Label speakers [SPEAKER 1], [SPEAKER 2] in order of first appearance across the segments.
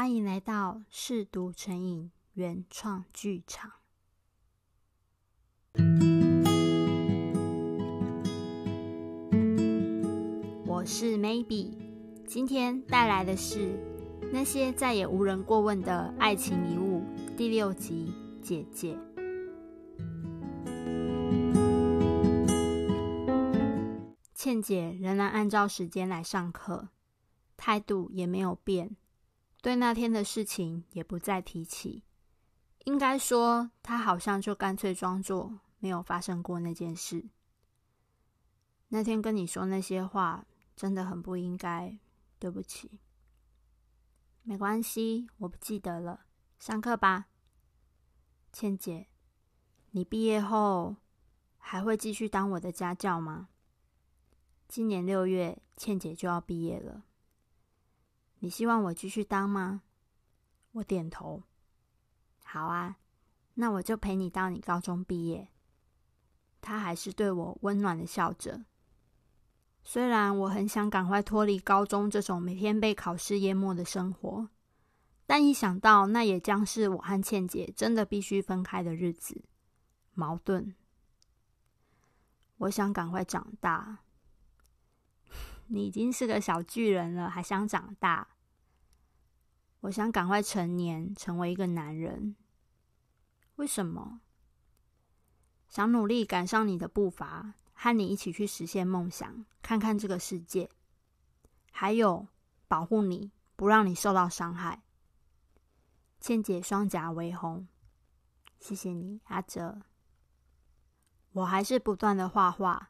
[SPEAKER 1] 歡迎來到《嗜讀成癮》原創劇場，我是 Maybe，今天帶來的是《那些再也無人過問的愛情遺物》第六集《姐姐》。倩姐仍然按照時間來上課，態度也沒有變。對那天的事情也不再提起，應該說他好像就乾脆裝作沒有發生過那件事。那天跟你說那些話真的很不應該，對不起。沒關係，我不記得了。上課吧，倩姐，你畢業後還會繼續當我的家教嗎？今年六月，倩姐就要畢業了。你希望我繼續當嗎？我點頭。好啊，那我就陪你到你高中畢業。他還是對我溫暖的笑着。雖然我很想趕快脫離高中這種每天被考試淹沒的生活，但一想到那也將是我和倩姐真的必須分開的日子，矛盾。我想趕快長大。你已經是個小巨人了，還想長大？我想趕快成年，成為一個男人。為什麼？想努力趕上你的步伐，和你一起去實現夢想，看看這個世界，還有保護你不讓你受到傷害。倩姐雙頰微紅，謝謝你，阿哲。我還是不斷的畫畫。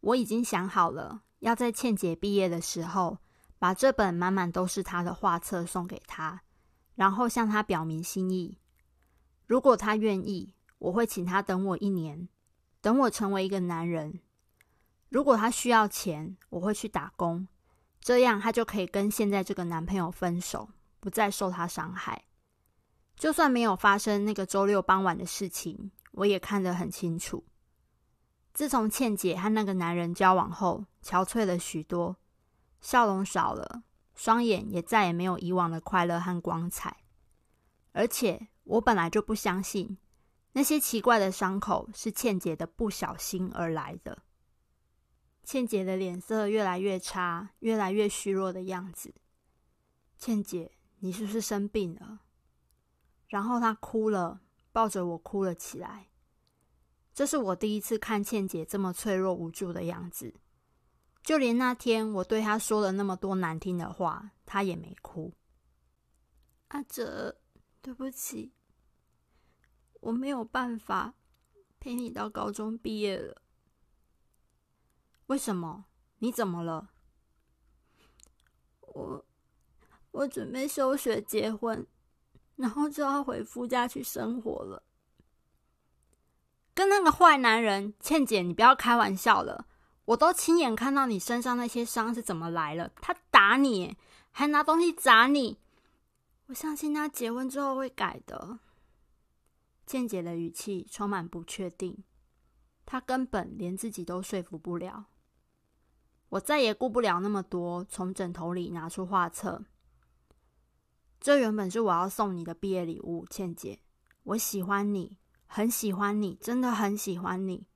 [SPEAKER 1] 我已經想好了，要在倩姐畢業的時候，把這本滿滿都是他的畫冊送給他，然後向他表明心意。如果他願意，我會請他等我一年，等我成為一個男人。如果他需要錢，我會去打工，這樣他就可以跟現在這個男朋友分手，不再受他傷害。就算沒有發生那個週六傍晚的事情，我也看得很清楚。自從倩姐和那個男人交往後，憔悴了許多。笑容少了，雙眼也再也沒有以往的快樂和光彩。而且我本來就不相信那些奇怪的傷口是倩姐的不小心而來的。倩姐的臉色越來越差，越來越虛弱的樣子。倩姐，你是不是生病了？然後她哭了，抱着我哭了起來。這是我第一次看倩姐這麼脆弱無助的樣子。就連那天，我對他說了那麼多難聽的話，他也沒哭。阿哲，對不起，我沒有辦法陪你到高中畢業了。為什麼？你怎麼了？我，我準備休學結婚，然後就要回夫家去生活了。跟那個壞男人，倩姐，你不要開玩笑了。我都親眼看到你身上那些傷是怎麼來了。他打你，還拿東西砸你。我相信他結婚之後會改的。倩姐的語氣充滿不確定，她根本連自己都說服不了。我再也顧不了那麼多，從枕頭裡拿出畫冊。這原本是我要送你的畢業禮物，倩姐，我喜歡你，很喜歡你，真的很喜歡你。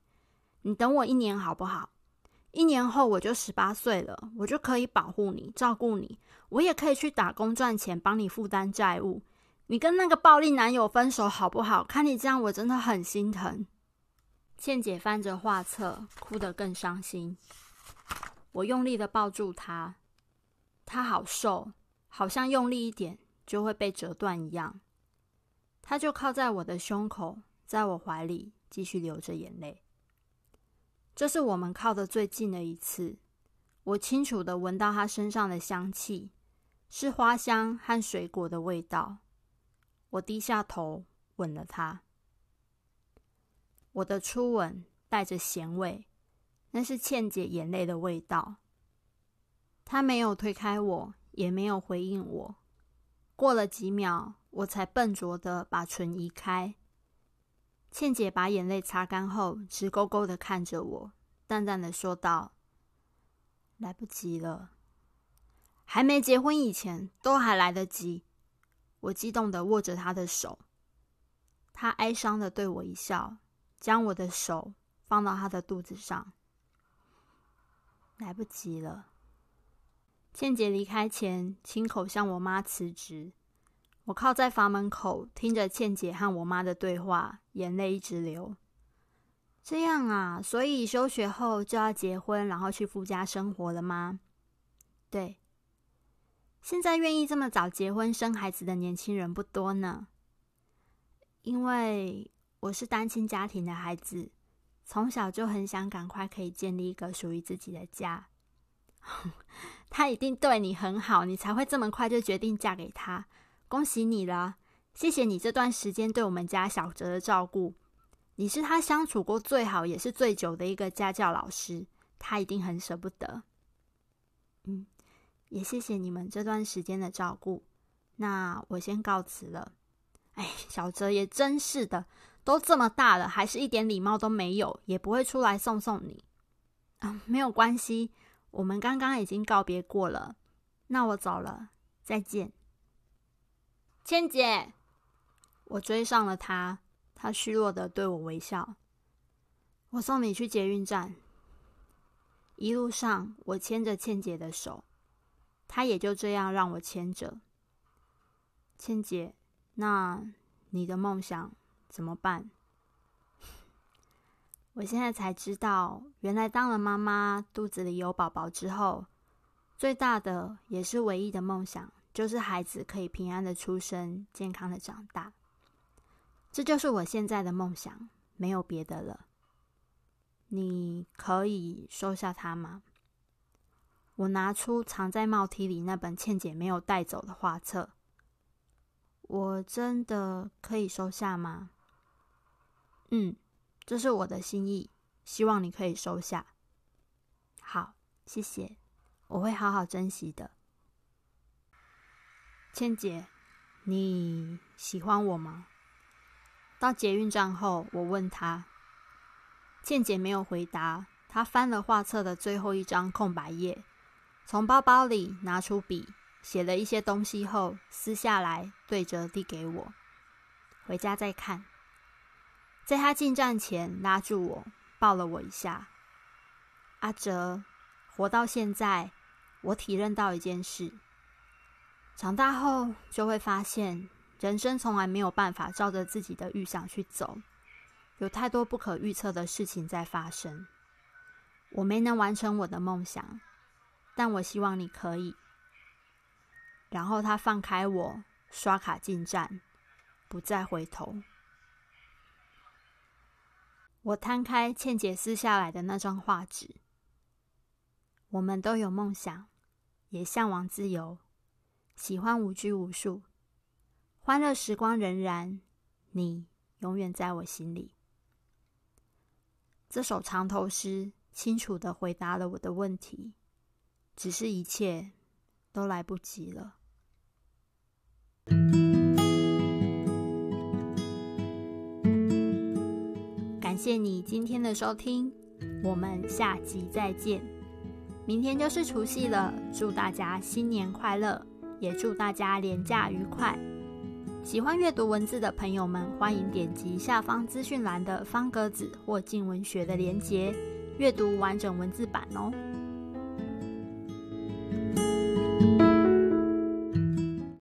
[SPEAKER 1] 你等我一年好不好？一年後我就十八歲了，我就可以保護你、照顧你，我也可以去打工賺錢，幫你負擔債務。你跟那個暴力男友分手好不好？看你這樣，我真的很心疼。倩姐翻着畫冊，哭得更傷心。我用力地抱住她，她好瘦，好像用力一點就會被折斷一樣。她就靠在我的胸口，在我懷裡，繼續流着眼淚。這是我們靠的最近的一次，我清楚的聞到他身上的香氣，是花香和水果的味道。我低下頭吻了他，我的初吻帶着鹹味，那是倩姐眼淚的味道。他沒有推開我，也沒有回應我。過了幾秒，我才笨拙的把唇移開。倩姐把眼淚擦乾後，直勾勾的看着我，淡淡的說道：“來不及了，還沒結婚以前都還來得及。”我激動的握着她的手，她哀傷的對我一笑，將我的手放到她的肚子上。“來不及了。”倩姐離開前，親口向我媽辭職。我靠在房門口，聽着倩姐和我媽的對話，眼淚一直流。這樣啊，所以休學後就要結婚，然後去夫家生活了嗎？對。現在願意這麼早結婚生孩子的年輕人不多呢。因為我是單親家庭的孩子，從小就很想趕快可以建立一個屬於自己的家。他一定對你很好，你才會這麼快就決定嫁給他。恭喜你啦，謝謝你這段時間對我們家小哲的照顧。你是他相處過最好也是最久的一個家教老師，他一定很捨不得。嗯，也謝謝你們這段時間的照顧。那我先告辭了。哎，小哲也真是的，都這麼大了，還是一點禮貌都沒有，也不會出來送送你啊？嗯，沒有關係，我們剛剛已經告別過了。那我走了，再見。倩姐，我追上了她。她虛弱地對我微笑。我送你去捷運站。一路上，我牽着倩姐的手，她也就這樣讓我牽着。倩姐，那你的夢想怎麼辦？我現在才知道，原來當了媽媽，肚子裡有寶寶之後，最大的也是唯一的夢想。就是孩子可以平安的出生，健康的長大，這就是我現在的夢想，沒有別的了。你可以收下它嗎？我拿出藏在帽梯裡那本倩姐沒有帶走的畫冊，我真的可以收下嗎？嗯，這是我的心意，希望你可以收下。好，謝謝，我會好好珍惜的。倩姐，你喜歡我嗎？到捷運站後，我問她，倩姐沒有回答。她翻了畫冊的最後一張空白頁，從包包裡拿出筆，寫了一些東西後，撕下來對折遞給我，回家再看。在她進站前，拉住我，抱了我一下。阿哲，活到現在，我體認到一件事。長大後就會發現，人生從來沒有辦法照着自己的預想去走，有太多不可預測的事情在發生。我沒能完成我的夢想，但我希望你可以。然後他放開我，刷卡進站，不再回頭。我攤開倩姐撕下來的那張畫紙。我們都有夢想，也向往自由。喜歡無拘無束，歡樂時光仍然，你永遠在我心裡。這首藏頭詩清楚的回答了我的問題，只是一切都來不及了。感謝你今天的收聽，我們下集再見。明天就是除夕了，祝大家新年快樂！也祝大家連假愉快！喜歡閱讀文字的朋友們，歡迎點擊下方資訊欄的方格子或鏡文學的鏈接，閱讀完整文字版哦。